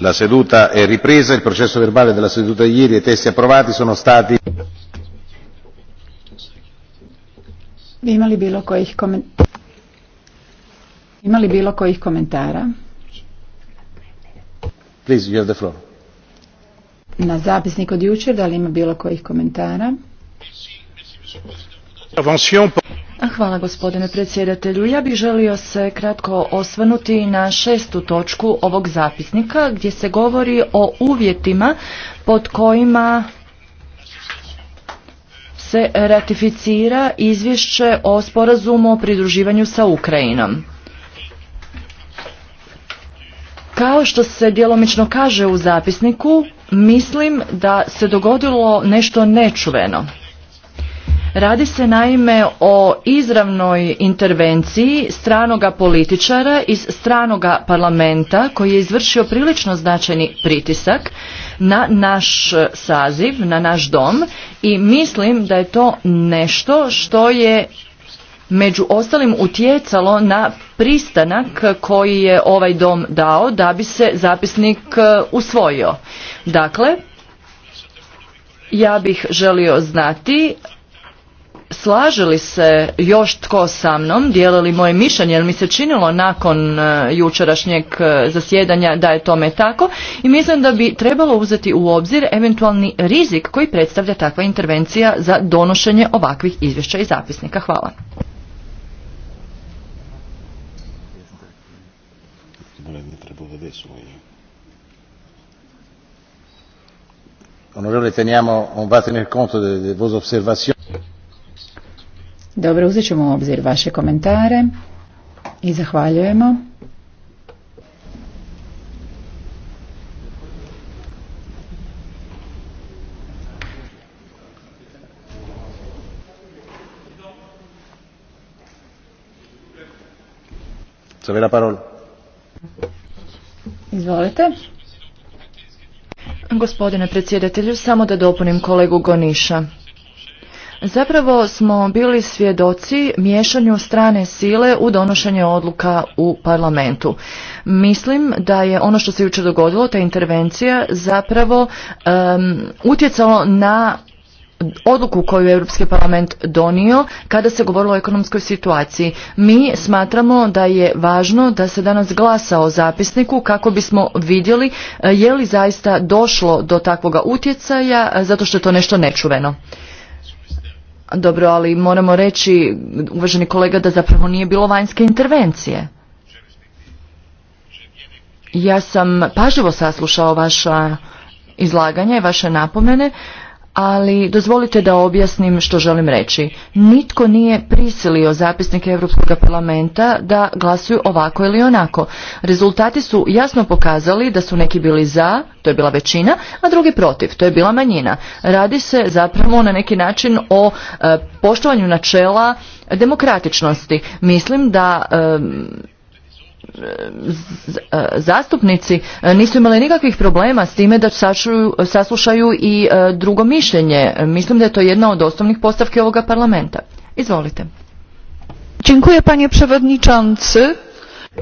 la seduta è ripresa il processo verbale della seduta di ieri e i testi approvati sono stati Ima li bilo kojih, bilo kojih komentara? Please, you have the floor. Na zapisnik od jučer, da li ima bilo kojih komentara? Intervention Hvala gospodine predsjedatelju. Ja bih želio se kratko osvrnuti na šestu točku ovog zapisnika gdje se govori o uvjetima pod kojima se ratificira izvješće o sporazumu o pridruživanju sa Ukrajinom. Kao što se djelomično kaže u zapisniku, mislim da se dogodilo nešto nečuveno. Radi se naime o izravnoj intervenciji stranoga političara iz stranoga parlamenta koji je izvršio prilično značajni pritisak na naš saziv, na naš dom i mislim da je to nešto što je među ostalim utjecalo na pristanak koji je ovaj dom dao da bi se zapisnik e, usvojio. Dakle, ja bih želio znati slaže li se još tko sa mnom, dijelili moje mišljenje, jer mi se činilo nakon e, jučerašnjeg e, zasjedanja da je tome tako i mislim da bi trebalo uzeti u obzir eventualni rizik koji predstavlja takva intervencija za donošenje ovakvih izvješća i zapisnika. Hvala. Onorevole, dobro, uzet ćemo u obzir vaše komentare i zahvaljujemo. Izvolite. Gospodine predsjedatelju, samo da dopunim kolegu Goniša. Zapravo smo bili svjedoci miješanju strane sile u donošenje odluka u parlamentu. Mislim da je ono što se jučer dogodilo, ta intervencija, zapravo utjecalo na odluku koju je Europski parlament donio kada se govorilo o ekonomskoj situaciji. Mi smatramo da je važno da se danas glasa o zapisniku kako bismo vidjeli eh, je li zaista došlo do takvoga utjecaja eh, zato što je to nešto nečuveno. Dobro, ali moramo reći, uvaženi kolega, da zapravo nije bilo vanjske intervencije. Ja sam pažljivo saslušao vaša izlaganja i vaše napomene ali dozvolite da objasnim što želim reći. Nitko nije prisilio zapisnike Europskog parlamenta da glasuju ovako ili onako. Rezultati su jasno pokazali da su neki bili za, to je bila većina, a drugi protiv, to je bila manjina. Radi se zapravo na neki način o e, poštovanju načela demokratičnosti. Mislim da e, E, zastupnici e, nisu imali nikakvih problema s time da sašuju, saslušaju i e, drugo mišljenje. Mislim da je to jedna od osnovnih postavki ovoga parlamenta. Izvolite. Dziękuję panie przewodniczący.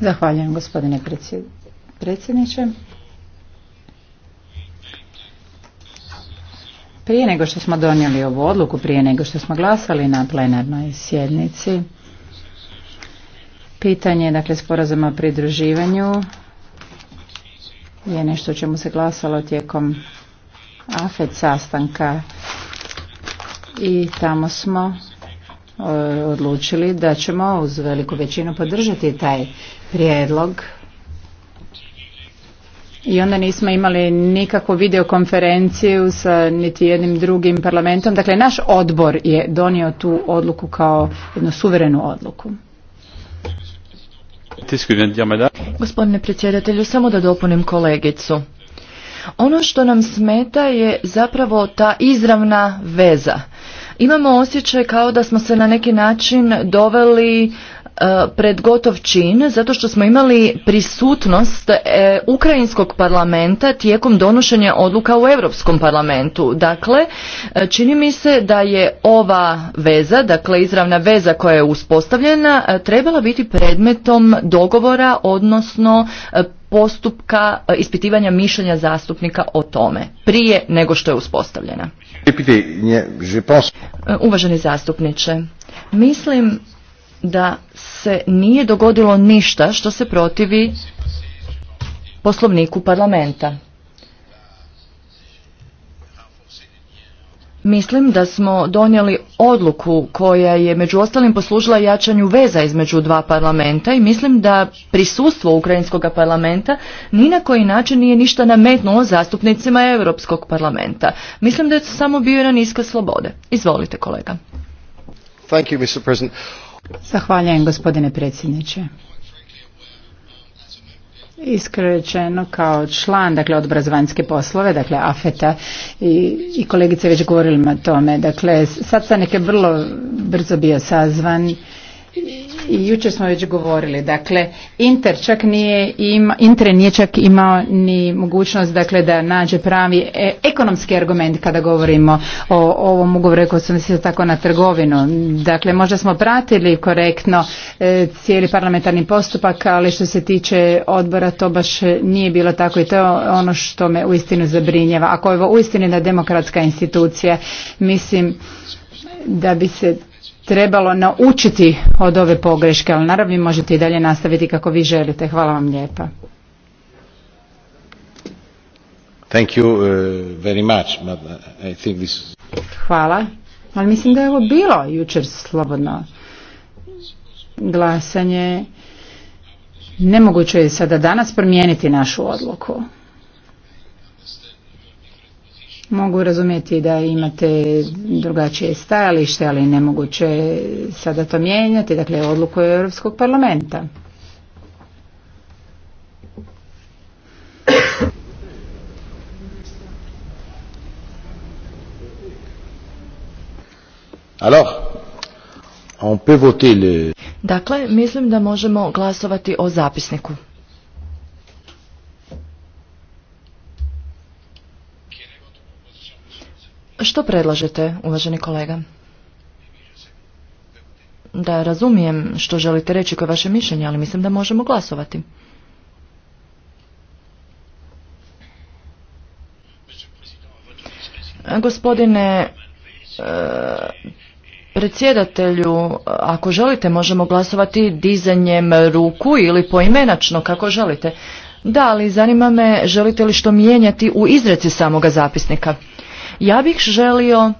Zahvaljujem gospodine predsjedniče. Prije nego što smo donijeli ovu odluku, prije nego što smo glasali na plenarnoj sjednici, Pitanje dakle, sporazuma o pridruživanju je nešto o čemu se glasalo tijekom AFED sastanka i tamo smo e, odlučili da ćemo uz veliku većinu podržati taj prijedlog i onda nismo imali nikakvu videokonferenciju sa niti jednim drugim parlamentom. Dakle, naš odbor je donio tu odluku kao jednu suverenu odluku. Gospodine predsjedatelju, samo da dopunim kolegicu. Ono što nam smeta je zapravo ta izravna veza. Imamo osjećaj kao da smo se na neki način doveli E, pred gotov čin zato što smo imali prisutnost e, Ukrajinskog parlamenta tijekom donošenja odluka u Europskom parlamentu. Dakle, e, čini mi se da je ova veza, dakle izravna veza koja je uspostavljena, trebala biti predmetom dogovora, odnosno postupka ispitivanja mišljenja zastupnika o tome prije nego što je uspostavljena. Uvaženi zastupniče, mislim da se nije dogodilo ništa što se protivi poslovniku parlamenta. Mislim da smo donijeli odluku koja je među ostalim poslužila jačanju veza između dva parlamenta i mislim da prisustvo Ukrajinskog parlamenta ni na koji način nije ništa nametnulo zastupnicima Europskog parlamenta. Mislim da je to samo bio jedan iskaz slobode. Izvolite kolega. Thank you, Mr. President. Zahvaljujem gospodine predsjedniče. Iskrećeno kao član dakle, odbora za vanjske poslove, dakle AFETA i, i kolegice već govorili o tome. Dakle, sad sam neke vrlo brzo bio sazvan i jučer smo već govorili, dakle Inter čak nije ima, Inter nije čak imao ni mogućnost dakle da nađe pravi e, ekonomski argument kada govorimo o ovom ugovoru koji se se tako na trgovinu. Dakle možda smo pratili korektno e, cijeli parlamentarni postupak, ali što se tiče odbora to baš nije bilo tako i to je ono što me uistinu zabrinjava. Ako je ovo uistinu da demokratska institucija, mislim da bi se trebalo naučiti od ove pogreške, ali naravno vi možete i dalje nastaviti kako vi želite. Hvala vam lijepa. Thank you uh, very much, uh, Hvala, ali mislim da je ovo bilo jučer slobodno glasanje. Nemoguće je sada danas promijeniti našu odluku. Mogu razumjeti da imate drugačije stajalište, ali nemoguće sada to mijenjati, dakle odluku je Europskog parlamenta. on Dakle, mislim da možemo glasovati o zapisniku. Što predlažete, uvaženi kolega? Da razumijem što želite reći koje vaše mišljenje, ali mislim da možemo glasovati. Gospodine e, predsjedatelju, ako želite možemo glasovati dizanjem ruku ili poimenačno, kako želite. Da, ali zanima me, želite li što mijenjati u izreci samoga zapisnika? Ja bih želio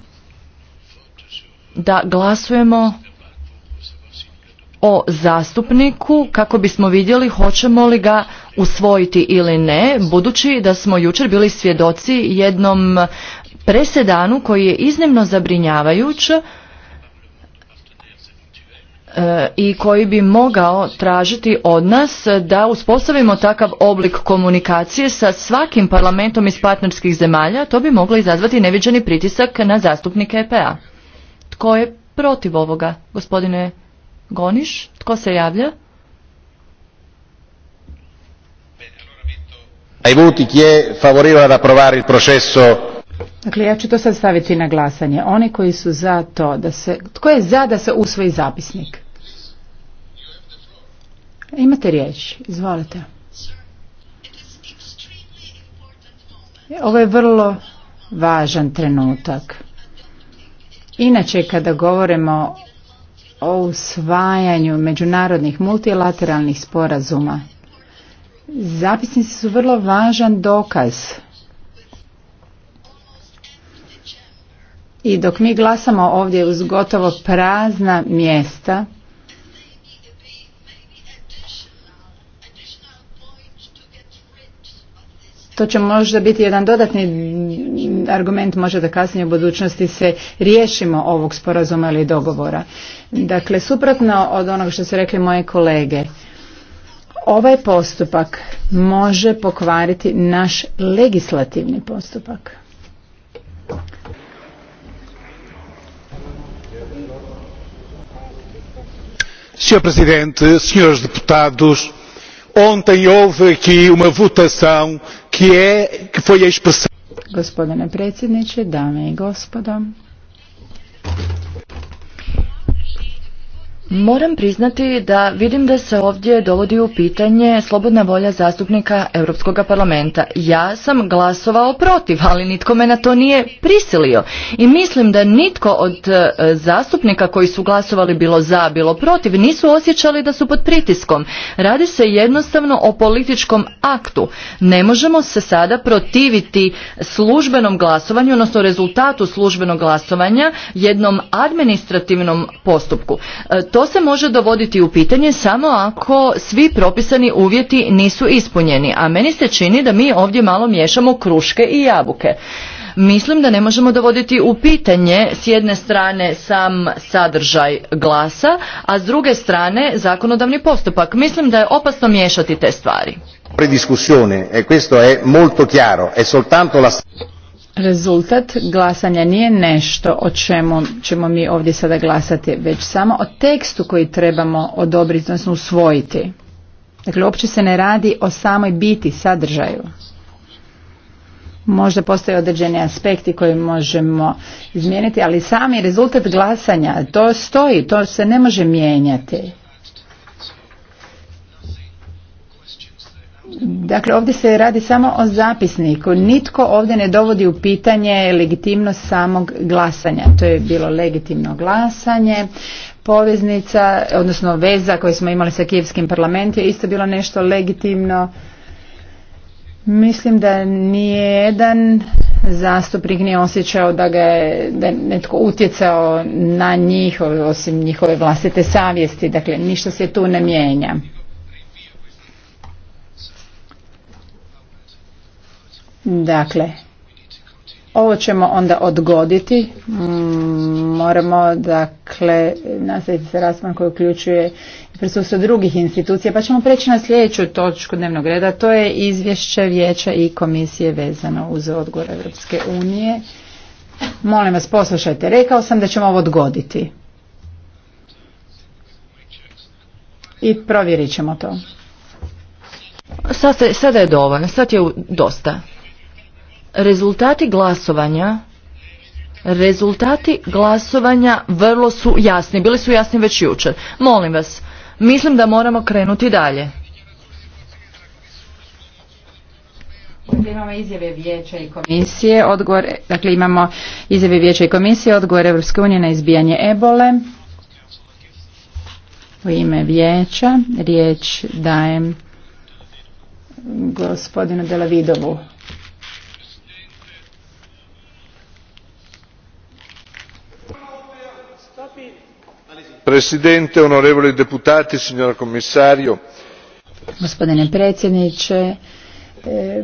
da glasujemo o zastupniku kako bismo vidjeli hoćemo li ga usvojiti ili ne, budući da smo jučer bili svjedoci jednom presedanu koji je iznimno zabrinjavajuć E, i koji bi mogao tražiti od nas da uspostavimo takav oblik komunikacije sa svakim parlamentom iz partnerskih zemalja, to bi moglo izazvati neviđeni pritisak na zastupnike EPA. Tko je protiv ovoga, gospodine Goniš? Tko se javlja? Ai voti chi è favorevole ad approvare il processo Dakle, ja ću to sad staviti na glasanje. Oni koji su za to da se... Tko je za da se usvoji zapisnik? Imate riječ, izvolite. Ovo je vrlo važan trenutak. Inače, kada govorimo o usvajanju međunarodnih multilateralnih sporazuma, zapisnici su vrlo važan dokaz I dok mi glasamo ovdje uz gotovo prazna mjesta, to će možda biti jedan dodatni argument može da kasnije u budućnosti se riješimo ovog sporazuma ili dogovora. Dakle, suprotno od onog što su rekli moje kolege, ovaj postupak može pokvariti naš legislativni postupak. Senhor Presidente, senhores deputados, ontem houve aqui uma votação que é que foi a expressão Gospodine predsjedniče, dame i gospodo, Moram priznati da vidim da se ovdje dovodi u pitanje slobodna volja zastupnika Europskog parlamenta. Ja sam glasovao protiv, ali nitko me na to nije prisilio. I mislim da nitko od e, zastupnika koji su glasovali bilo za, bilo protiv, nisu osjećali da su pod pritiskom. Radi se jednostavno o političkom aktu. Ne možemo se sada protiviti službenom glasovanju, odnosno rezultatu službenog glasovanja, jednom administrativnom postupku. E, to to se može dovoditi u pitanje samo ako svi propisani uvjeti nisu ispunjeni, a meni se čini da mi ovdje malo miješamo kruške i jabuke. Mislim da ne možemo dovoditi u pitanje s jedne strane sam sadržaj glasa, a s druge strane zakonodavni postupak. Mislim da je opasno miješati te stvari. Rezultat glasanja nije nešto o čemu ćemo mi ovdje sada glasati, već samo o tekstu koji trebamo odobriti, odnosno usvojiti. Dakle, uopće se ne radi o samoj biti, sadržaju. Možda postoje određeni aspekti koje možemo izmijeniti, ali sami rezultat glasanja, to stoji, to se ne može mijenjati. Dakle, ovdje se radi samo o zapisniku. Nitko ovdje ne dovodi u pitanje legitimnost samog glasanja. To je bilo legitimno glasanje. Poveznica, odnosno veza koju smo imali sa Kijevskim parlamentom je isto bilo nešto legitimno. Mislim da nijedan zastupnik nije osjećao da ga je da je netko utjecao na njihove, osim njihove vlastite savjesti. Dakle, ništa se tu ne mijenja. Dakle, ovo ćemo onda odgoditi. Mm, moramo dakle nastaviti se raspon koji uključuje prisustvo drugih institucija, pa ćemo preći na sljedeću točku dnevnog reda, to je izvješće vijeća i komisije vezano uz odgovor Europske unije. Molim vas poslušajte, rekao sam da ćemo ovo odgoditi. I provjerit ćemo to. Sada je dovoljno, sad je dosta. Rezultati glasovanja Rezultati glasovanja vrlo su jasni. Bili su jasni već jučer. Molim vas, mislim da moramo krenuti dalje. Imamo izjave vijeća i komisije, odgovor, dakle imamo izjave vijeća i komisije, odgovor Europske na izbijanje ebole. U ime vijeća riječ dajem gospodinu Delavidovu. predsjedniče onorevoli deputati signora commissario gospodine predsjedniče eh,